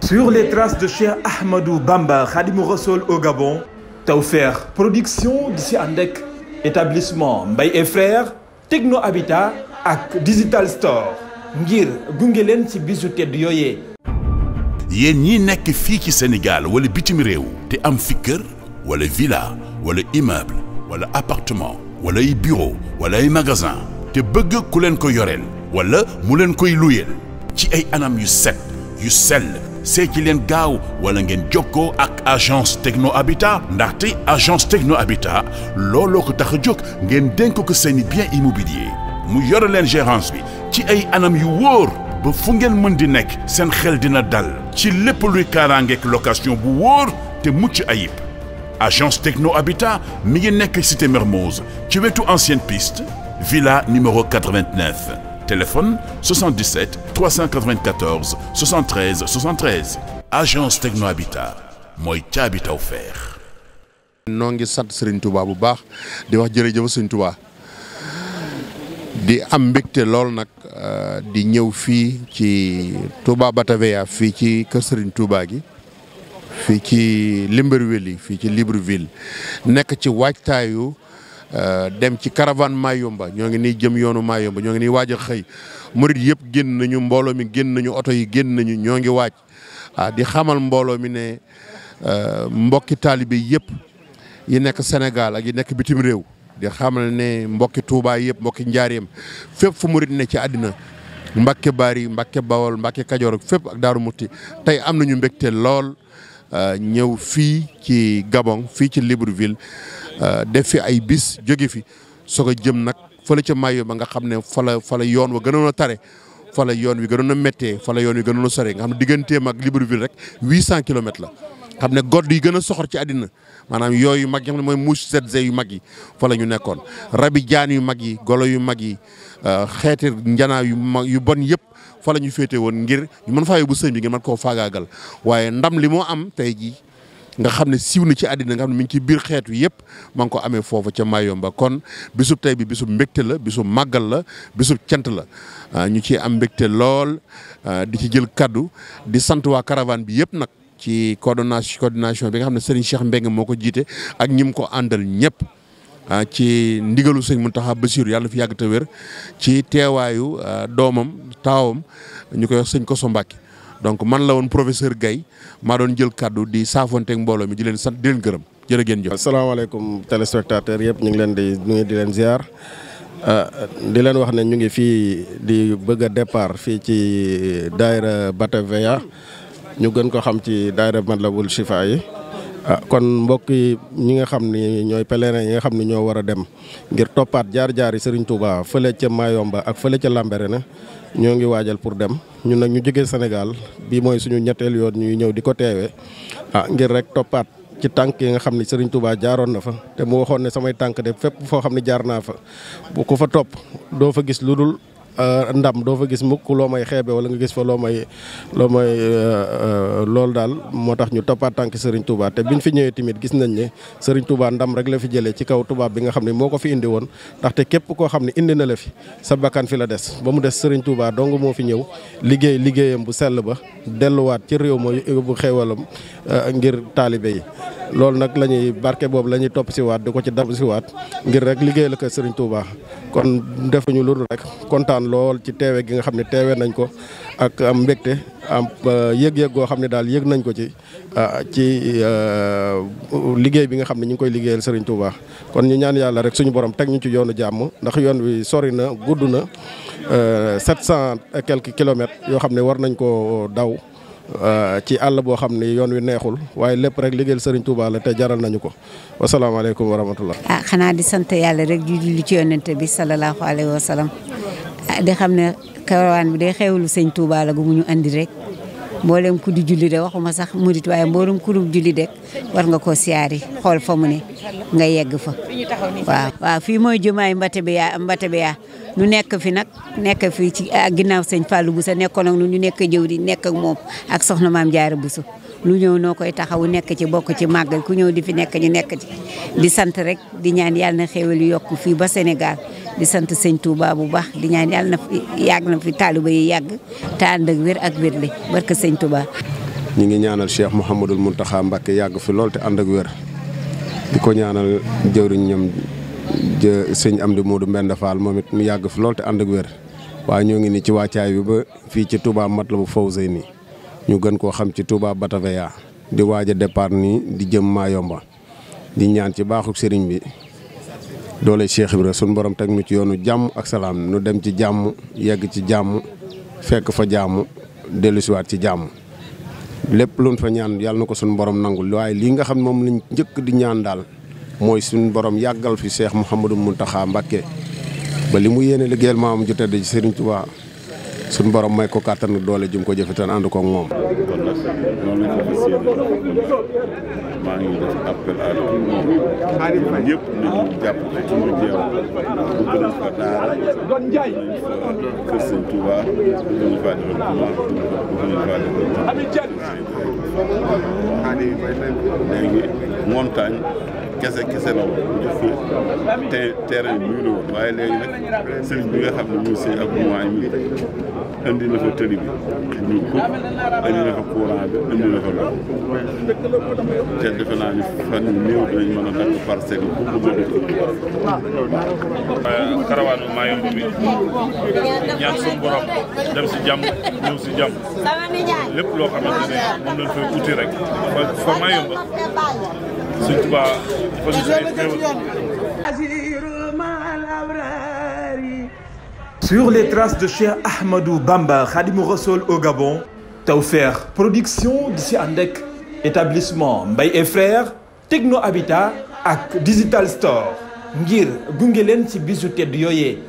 Sur les traces de Cheikh Ahmadou Bamba Khadimou Rassoul au Gabon Tawfekh Production di si ànd ak établissement Mbaye et Frères Techno Habitat ak Digital Store ngir gunge leen ci bisu tedd yooyee. yéen yi nekk fii ci Sénégal wala bitim réew te am fi kër wala villa wala immeuble wala appartement wala ay bureau wala ay magasin te bëgg ku leen ko yoreel wala mu leen koy luyeel ci ay anam yu set yu sel see ci leen gaaw wala ngeen jokkoo ak agence techno abita ndaxte agence techno habitat looloo ko tax a jóg ngeen dénk ko seeni bien immobilier mu yore leen gérance bi ci ay anam yu wóor ba fu ngeen mën di nekk seen xel dina dal ci lépp luy kaaraangeek location bu wóor te mucc ayib agence techno abita mi ngi nekk cité Mermoz ci wetu ancienne pist villa numéro 89 téléphone 77 394 73 73 agence Techno Habitat mooy ca Habitat offert. noo ngi sant Serigne Touba bu baax di wax jërëjëf Serigne Touba di am mbégte lool nag euh, di ñëw fii ci Touba Bataveya fii ci kër sëriñ Touba gi fii ci Libreville fii ci Libreville nekk ci waajtaayu. Euh, dem ci caravane Mayumba ñoo ngi nii jëm yoonu Mayumba ñoo ngi ni waaj a xëy murit yëpp génn nañu mbooloo mi génn nañu oto yi génn nañu ñoo ngi waaj ah, di xamal mbooloo mi ne euh, mbokki taalibe yëpp yi nekk senegal ak yi nekk bitim réew di xamal ne mbokki Touba yëpp mbokki Njaareem fépp fu murit ne ci àddina Mbàkke Bari Mbàkke Bawol mbakki Kajoor fépp ak Daaru Muti tey am nañu mbégte lool euh, ñëw fii ci Gabon fii ci Libreville Euh, def fi ay bis jóge fi soog a jëm nag fële ca maayo ba nga xam ne fa la yoon wa gën a tare fa yoon wi gënoon a méttee fa la yoon wi gënoon a sore nga xam ne digganteem ak Libreville rek 800 kilomètres la. xam ne godd yi gën a soxor ci àddina maanaam yooyu mag yi xam ne mooy mouche ZZ yu mag yi fa la ñu nekkoon rabi jaan yu mag yi golo yu mag yi euh, xeeti njanaa yu mag yu bon yëpp fa la ñu féete woon ngir ñu mën faa bu sëñ bi ngir mën koo faagaagal waaye ndam li moo am tey jii nga xam ne siiw na ci àddina nga xam ne mi ngi ci biir xeetu yëpp ma ngi ko amee foofu ca Mayomba kon bisub tey bi bisu mbégte la bisub màggal la bisu cant la ah, ñu ci am mbégte lool ah, di ci jël kaddu di sant waa caravane bi yëpp nag ci coordination coordination bi nga xam ne Serigne Cheikh Mbengue moo ko jiite ak ñi mu ko àndal ñëpp ah, ci ndigalu sëñ Mountakha Bassirou yàlla fi yàgg te ci teewaayu doomam taawam ñu koy wax sëñ Koso donc man la woon professeur Gaye maa doon jël kàddu di saafonteeg mbooloo mi di leen sant di leen gërëm jërë ngeen jëf. asalaamaaleykum téléspectateurs yëpp ñu ngi leen di nuyu di leen ziar euh, di leen wax ne ñu ngi fii di bëgg a départ fii ci daayira Bataveya ñu gën ko xam ci daayira Matlabul Chifa yi. ah kon mbokk yi ñi nga xam ni ñooy pèlerin yi nga xam ni ñoo war a dem ngir toppaat jaar jaari sëriñ Serigne Touba fële ca Mayomba ak fële ca na ñoo ngi waajal pour dem ñun nag ñu jógee Sénégal bii mooy suñu ñetteel yoon ñuy ñëw di ko teewe ah ngir rek toppaat ci tànk yi nga xam ni sëriñ Touba jaaroon na fa te mu waxoon ne samay tànk de fépp foo xam ne jaar naa fa bu ko fa topp doo fa gis lu dul Euh, ndam doo fa gis mukk loo may xeebe wala nga gis fa loo may loo euh, euh, loolu daal moo tax ñu toppaat tànk Serigne Touba te biñ fi ñëwee tamit gis nañ ne Serigne Touba ndam rek la fi jëlee ci kaw tubaab bi nga xam ne moo ko fi indi woon ndaxte képp koo xam ne indi na la fi sa bakkan fi la des ba mu des Serigne Touba dong moo fi ñëw liggéey liggéeyam bu sell ba delluwaat ci réew ma yóbbu xeewalam ngir taalibe yi loolu nag la ñuy barke boobu la ñuy topp siwaat di ko ci dab si ngir rek liggéey la ko Serigne Touba kon defuñu lu rek kontaan lool ci teewe gi nga xam ne teewe nañ ko ak am am yëg-yëg xam ne daal yëg nañ ko ci ah, ci euh, liggéey bi nga xam ne ñu ngi koy liggéeyal Serigne Touba kon ñu ñaan yàlla rek suñu borom teg ñu ci yoonu jàmm ndax yoon wi sori na gudd na euh, sept cent et quelques kilomètres yoo xam ne war nañ koo daw Euh, ci àll boo xam ni yoon wi neexul waaye lépp rek liggéeyal Serigne Touba la te jaral nañu ko wasalaamaaleykum wa rahmatullah. ah xanaa di sant yàlla rek di julli ci yonente bi sallallahu alayhi wa ah, di xam ne karawaan bi day xewlu sëñ Touba la gu mu ñu andi rek mboolem ku di julli de waxuma sax murit waaye mboolem ku dul julli de war nga koo siyaari xool fa mu ne nga yegg fa waaw. waaw mooy jumaay Mbate bi yaa Mbate ñu nekk fi nag nekk fi ci ah, ginnaaw sëñ Fallou Bousso nekkoon ak ñu nekk jëw di nekk ak moom ak soxna maam Jaara Bousso lu ñëw noo koy taxaw nekk ci bokk ci màggal ku ñëw di fi nekk ñu nekk ci di sant rek di ñaan yàlla na xéewal yu yokk fii ba Sénégal di sant sëñ Touba bu baax di ñaan yàlla na fi yàgg na fi taaliba yi yàgg te ànd ak wér ak wér li barke sëñ Touba. ñu ngi ñaanal Cheikh Mouhamadul Mountakha Mbacké yàgg fi lool te ànd ak wér di ko ñaanal jëwriñ ñoom jë sëñ Amdi Moodu Mbenda Fall moom it mu yàgg fi lool te ànd ak wér waaye ñoo ngi nii ci wàccaay bi ba fii ci Touba Matlaboul Fawzeyni ñu gën koo xam ci Touba Bataveya di waaj a départ nii di jëm Mayomba di ñaan ci baaxu sëriñ bi doole Cheikh Ibra suñu boroom teg mu ci yoonu jàmm ak salaam nu dem ci jàmm yegg ci jàmm fekk fa jàmm dellusiwaat ci jàmm lépp luñ fa ñaan yàlla na ko suñu borom nangu waaye lii nga xam moom lañ njëkk di ñaan daal mooy suñu boroom yàggal fi Cheikh Mouhamadou Mountakha Mbacké ba li mu yéene liggéeyal maam ju tedd ci Serigne Touba suñu borom may ko kàttan ak doole jum ko jëfe ànd ko moom. xaani léegi montagne kese kese la woon ñu def fi terrain ñu ne woon waaye léegi nag sëriñ bi nga xam ne muy sëriñ ak mois mi indi na fa tëli bi ñu ko indi na fa courant bi toll te defe naa ni fan néew dinañ mën a takk parce que ku bëgg a dugg. karawaanu euh, Mayumb bi ñaan suñu borom dem si jàmm ñëw si jàmm lépp loo xamante ne moom lañ fay uti rek fa fa Mayumb suñ Tuubaa dafa ñu ay xéewal Sur les traces de Cheikh Ahmadou Bamba, Khadimou Rassoul au Gabon, taw Tawfekh production di si ànd ak établissement mbay et frères Techno Habitat ak Digital Store ngir gunge leen ci bisu tedd yooyee